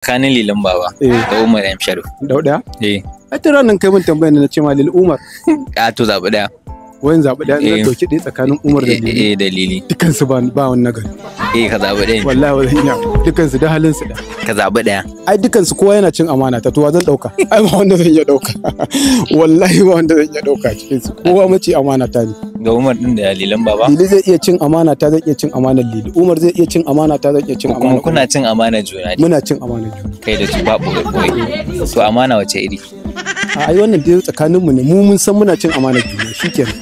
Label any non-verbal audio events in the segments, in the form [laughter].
tsakanin lilin baba eh. da umar m sharif da daya eh a tun kai mun tambayar na ce ma lil umar a [laughs] ah, to zaɓi daya wayan zaɓi daya na dauki eh. ɗaya tsakanin umar da eh, lili eh dalili lili su ba ba wannan gari eh ka zaɓi daya wallahi wallahi ina dukkan su da halin su da ka zaɓi daya ai dukansu su kowa yana cin amana ta to zan dauka ai ma wanda zan iya dauka [laughs] wallahi ma wanda zan iya dauka cikin su kowa mace amana ta ne ga Umar din da Lilan Baba? Lili zai iya cin amana ta zai iya cin amanar Lili. Umar zai iya cin amana ta zai iya cin amana. Kuma kuna cin amana juna ne? Muna cin amana juna. Kai da su ba boye boye. To amana wace iri? A ai wannan dai tsakanin mu ne mu mun san muna cin amana juna shikenan.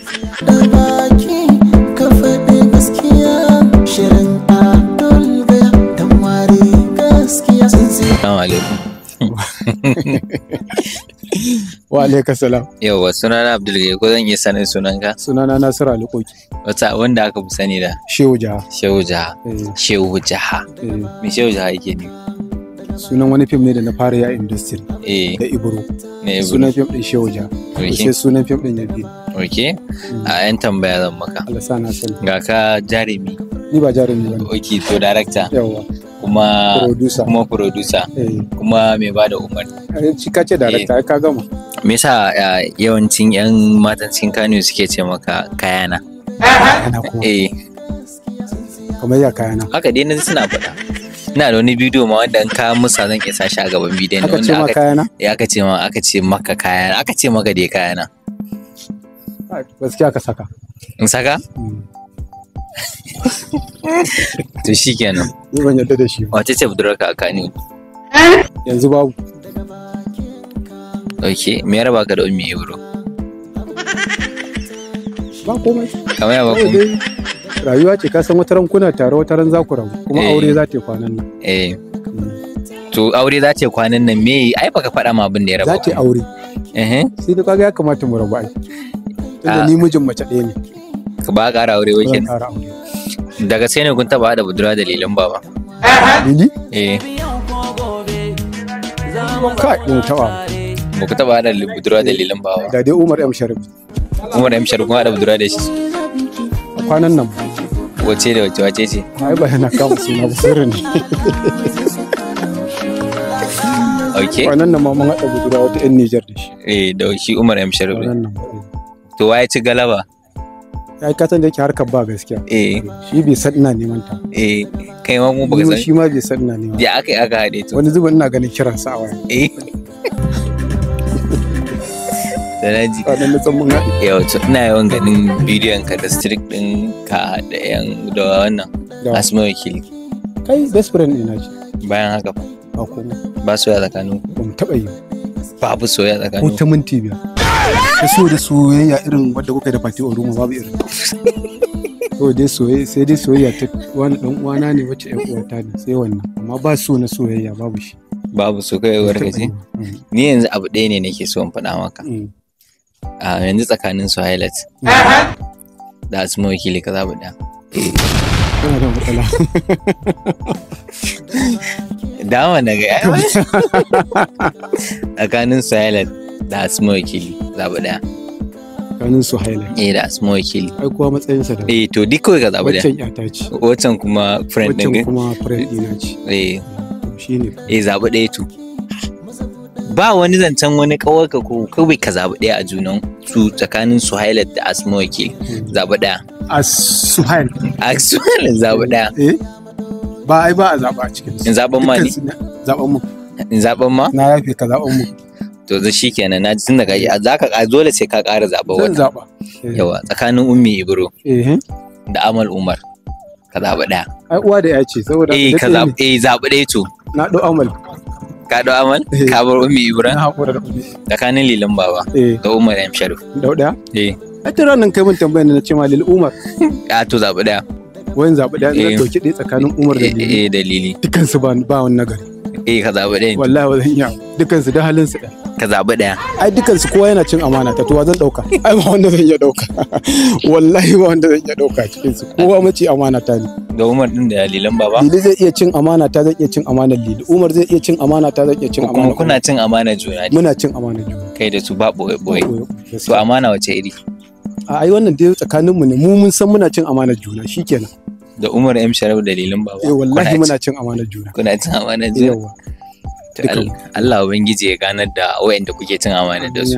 Assalamu alaikum. [laughs] [laughs] wa alaikum salam yawa sunana abdul Gaye ko zan iya sanin sunanka sunana nasiru alikoki wata wanda aka fi sani da shehu jaha shehu jaha eh. shehu jaha eh. me shehu jaha yake ne sunan wani fim ne da na fara ya industry eh. da ibro sunan fim din shehu jaha sai sunan fim din yabi ok hmm. a yan tambaya zan maka Allah sana sani ga ka jarumi ni ba jarumi ba ok to director yawa kuma producer kuma producer eh. kuma mai bada umarni eh, shi kace director ka gama me yasa eh, yawancin yan matan cikin Kano suke ce maka kayana eh kuma ya kayana haka dai nazi suna faɗa ina da wani bidiyo ma wanda in ka musa zan iya sashi a gaban bidiyon aka ce maka kayana aka ce maka aka ce maka kayana aka ce maka dai kayana gaskiya ka saka in saka mm. [laughs] to shi kenan ban yarda da shi wace ce budurarka a kani yanzu babu ok me ya raba ka da ummi ibro ba komai kamar ya ba komai rayuwa ce ka san wata rankuna tare wata ran za ku rabu kuma eh. aure za ta kwanan nan eh mm. to aure za ta kwanan nan me yi? ai baka faɗa ma abin da ya raba za ta aure eh sai da kaga ya kamata mu rabu ai tunda ah. ni mijin mace ɗaya ne Ka ba ƙara aure ba kenan daga sai ne kun taba da budura dalilan baba eh kai in ba ku taba da budura dalilan baba da dai Umar M Sharif Umar M Sharif kuma da budura da shi kwanan nan wace da wace wace ce ai ba yana kawo na sirri ne Okay. Kwanan nan ma mun haɗa guda wata 'yan Nijar da shi. Eh, da shi Umar M. Sharif. To waye ci galaba? ya ka da yake harkar ba gaskiya eh. shi bai san ina neman ta eh kai ma mu ba san shi ma bai san ina neman ya akai aka hade to wani zuba ina ganin kira sa a waya eh da naji yau to ina yawan ganin bidiyon ka da streak din ka da yan da wannan asma wakil kai best friend ina ce bayan haka ba komai ba soyayya tsakanin ku ban taba yi babu soyayya tsakanin ku ta minti biyar da so da soyayya irin wadda kuka da fati olumu babu irin to [laughs] dai soyayya sai dai soyayya ta wani dan uwana ne wacce ƴan ta ne sai wannan amma ba so na soyayya babu shi babu so kai warkace mm. ni yanzu abu ɗaya ne nake so in faɗa maka mm. a yanzu tsakanin su highlight da mm. asma wakili ka zabu ɗaya kana da matsala dama na ga [laughs] tsakanin su highlight da asma wakili zaɓi ɗaya kanin su haila eh da asma wakili ai kuwa matsayin sa da eh to duk kawai ka zaɓi ɗaya waccan yata ce waccan kuma friend din waccan kuma friend ɗina ce eh shine eh zaɓi ɗaya to ba wani zancen wani ka ko kawai ka zaɓi ɗaya a junan su tsakanin suhaila da asma wakili hmm. zaɓi ɗaya a suhail a suhail zaɓi ɗaya eh? ba ai ba a zaɓa a cikin zaɓen ma ne zaɓen mu zaɓen ma na yafe ka zaɓen mu to zai shi kenan na tun da ka yi ka dole sai ka ƙara zaɓa wata zaɓa eh. yawa tsakanin ummi ibro eh. da amal umar ka zaɓa ɗaya ai uwa da yace saboda eh ka zaɓi eh zaɓi ɗaya to na ɗo amal ka ɗo amal eh. ka bar ummi ibro na hakura da ummi tsakanin lilan baba da umar m sharif da ɗaya eh a tura nan kai mun tambayar na ce ma lil umar Ya [laughs] ah, to zaɓa ɗaya wayan zaɓa ɗaya na ɗauki ɗaya tsakanin umar da lili eh dalili dukansu ba wannan nagari eh ka zaɓa ɗaya wallahi wajen iya dukansu da halin su ɗaya ka zaɓi ɗaya ai dukansu kowa yana cin amana ta tuwa zan ɗauka [laughs] ai ba wanda zan iya ɗauka [laughs] wallahi ba wanda zan iya ɗauka cikin su kowa mace amana ta ne da Umar din da Lilan Baba Lili zai iya cin amana ta zai iya cin amana Lili Umar zai iya cin amana ta zai iya cin amana kuna cin amana juna muna cin amana juna kai da su ba boye boye to amana wace iri a ai wannan dai tsakanin mu ne mu mun san muna cin amana juna shikenan da Umar M Sharaf da lilin Baba eh wallahi muna cin amana juna kuna cin amana juna Allah ubangiji ya ganar da da kuke cin amana da su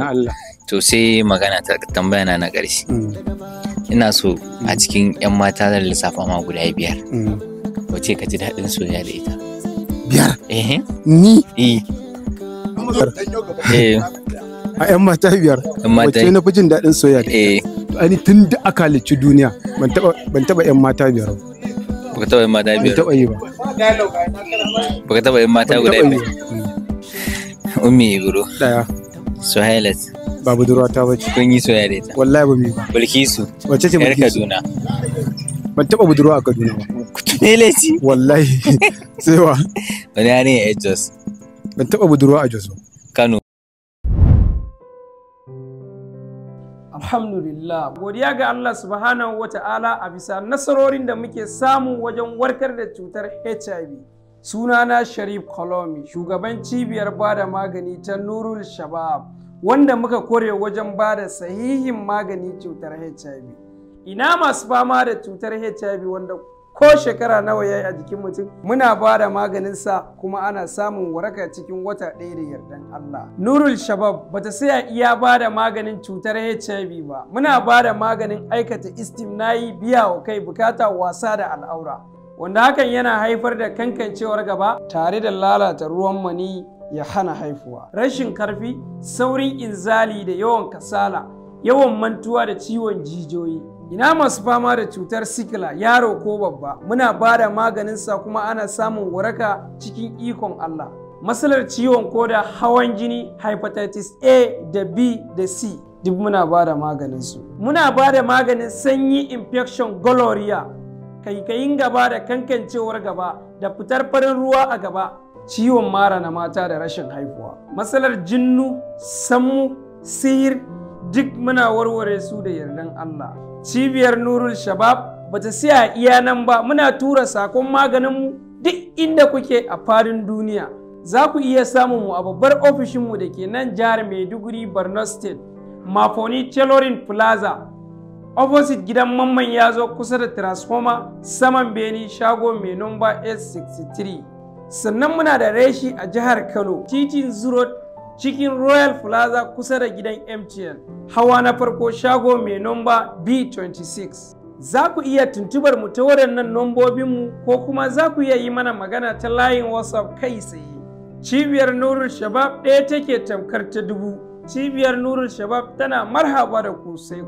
to sai magana ta tambaya na na ƙarshe mm. ina so mm. a cikin yan mata da lissafa ma guda biyar mm. wace ka ji daɗin soya da ita biyar eh. ni eh. Eh. a yan mata biyar wace na fi jin daɗin soya da ita ani tun da aka halicci duniya ban taɓa yan mata biyar ba baka taɓa yan mata biyar ba baka taɓa yan mata guda biyar Ummi guru Daya. Suhailat. Ba budurwata ba ce. Kun yi soyayya da ita. Wallahi ba mu ba. Bilkisu. Wacce ce Bilkisu? Yar Kaduna. Ban taɓa budurwa a Kaduna ba. Kutulele [laughs] Wallahi. [laughs] Sai wa. Wani yare ya Jos. Ban taɓa budurwa a Jos ba. Kano. Alhamdulillah. Godiya ga Allah subhanahu wa ta'ala a bisa nasarorin da muke samu wajen warkar da cutar HIV. sunana sharif kolomi shugaban cibiyar bada magani ta nurul shabab wanda muka kore wajen ba da sahihin magani cutar hiv ina masu fama da cutar hiv wanda ko shekara nawa yayi a jikin mutum muna ba da maganinsa kuma ana samun waraka cikin wata ɗaya da yardan Allah. Nurul Shabab bata saya iya ba da maganin cutar HIV ba. Muna ba da maganin aikata istimnayi biya wa kai bukata wasa da al'aura. wanda hakan yana haifar da kankancewar gaba tare da lalata ruwan mani ya hana haifuwa rashin karfi saurin inzali da yawan kasala yawan mantuwa da ciwon jijiyoyi ina masu fama da cutar sikila yaro ko babba muna ba da sa kuma ana samun waraka cikin ikon Allah matsalar ciwon koda hawan jini hepatitis A da B da C duk muna ba da maganinsu muna ba da maganin sanyi infection gonorrhea kaikayin gaba da kankancewar gaba da fitar farin ruwa a gaba ciwon mara na mata da rashin haihuwa matsalar jinnu sammu sihir duk muna warware su da yardan Allah cibiyar nurul shabab ba ta siya iya nan ba muna tura sakon maganinmu duk inda kuke a fadin duniya za ku iya samun mu a babbar ofishinmu da ke nan jihar maiduguri borno state mafoni tailoring plaza opposite gidan mamman ya zo kusa da transformer saman beni shago mai nomba s63 sannan muna da reshi a jihar kano titin Road cikin royal plaza kusa da gidan mtn hawa na farko shago mai nomba b26 za ku iya tuntubar mu ta waɗannan nombobinmu ko kuma za ku iya yi mana magana ta layin whatsapp kai tsaye cibiyar nurul shabab ɗaya take tamkar ta dubu cibiyar nurul shabab tana marhaba da ku sai